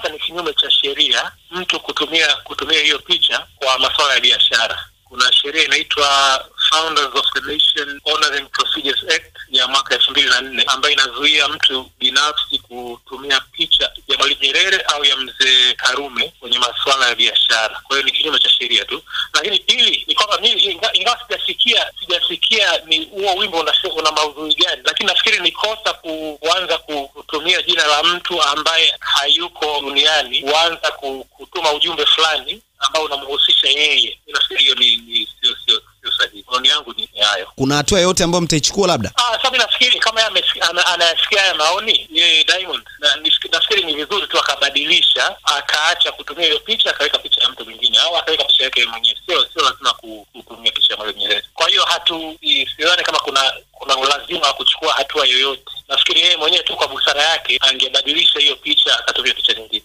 kwanza ni kinyume cha sheria mtu kutumia kutumia hiyo picha kwa masuala ya biashara. Kuna sheria inaitwa Founders of the Nation and Procedures Act ya mwaka elfu mbili na nne ambayo inazuia mtu binafsi kutumia picha ya Mwalimu Nyerere au ya mzee Karume kwenye masuala ya biashara. Kwa hiyo ni kinyume cha sheria tu, lakini pili ni kwamba mimi ingawa sijasikia sijasikia ni huo wimbo una, una maudhui gani, lakini nafikiri ni kosa kuanza kutumia jina la mtu ambaye hayuko duniani huanza kutuma ujumbe fulani ambao unamhusisha yeye. Nafikiri hiyo ni, sio sio sio sahihi. Maoni yangu ni hayo. Kuna hatua yoyote ambayo mtaichukua labda? Ah, sasa nafikiri kama yeye anayasikia haya maoni yeye Diamond, na nafikiri ni vizuri tu akabadilisha, akaacha kutumia hiyo picha, akaweka picha ya mtu mwingine au akaweka picha yake mwenyewe. Sio sio lazima kutumia picha ya mwenyewe Kwa hiyo hatu sidhani kama kuna kuna ulazima wa kuchukua hatua yoyote nafikiri yeye mwenyewe tu kwa busara yake angebadilisha hiyo picha akatumia picha nyingine.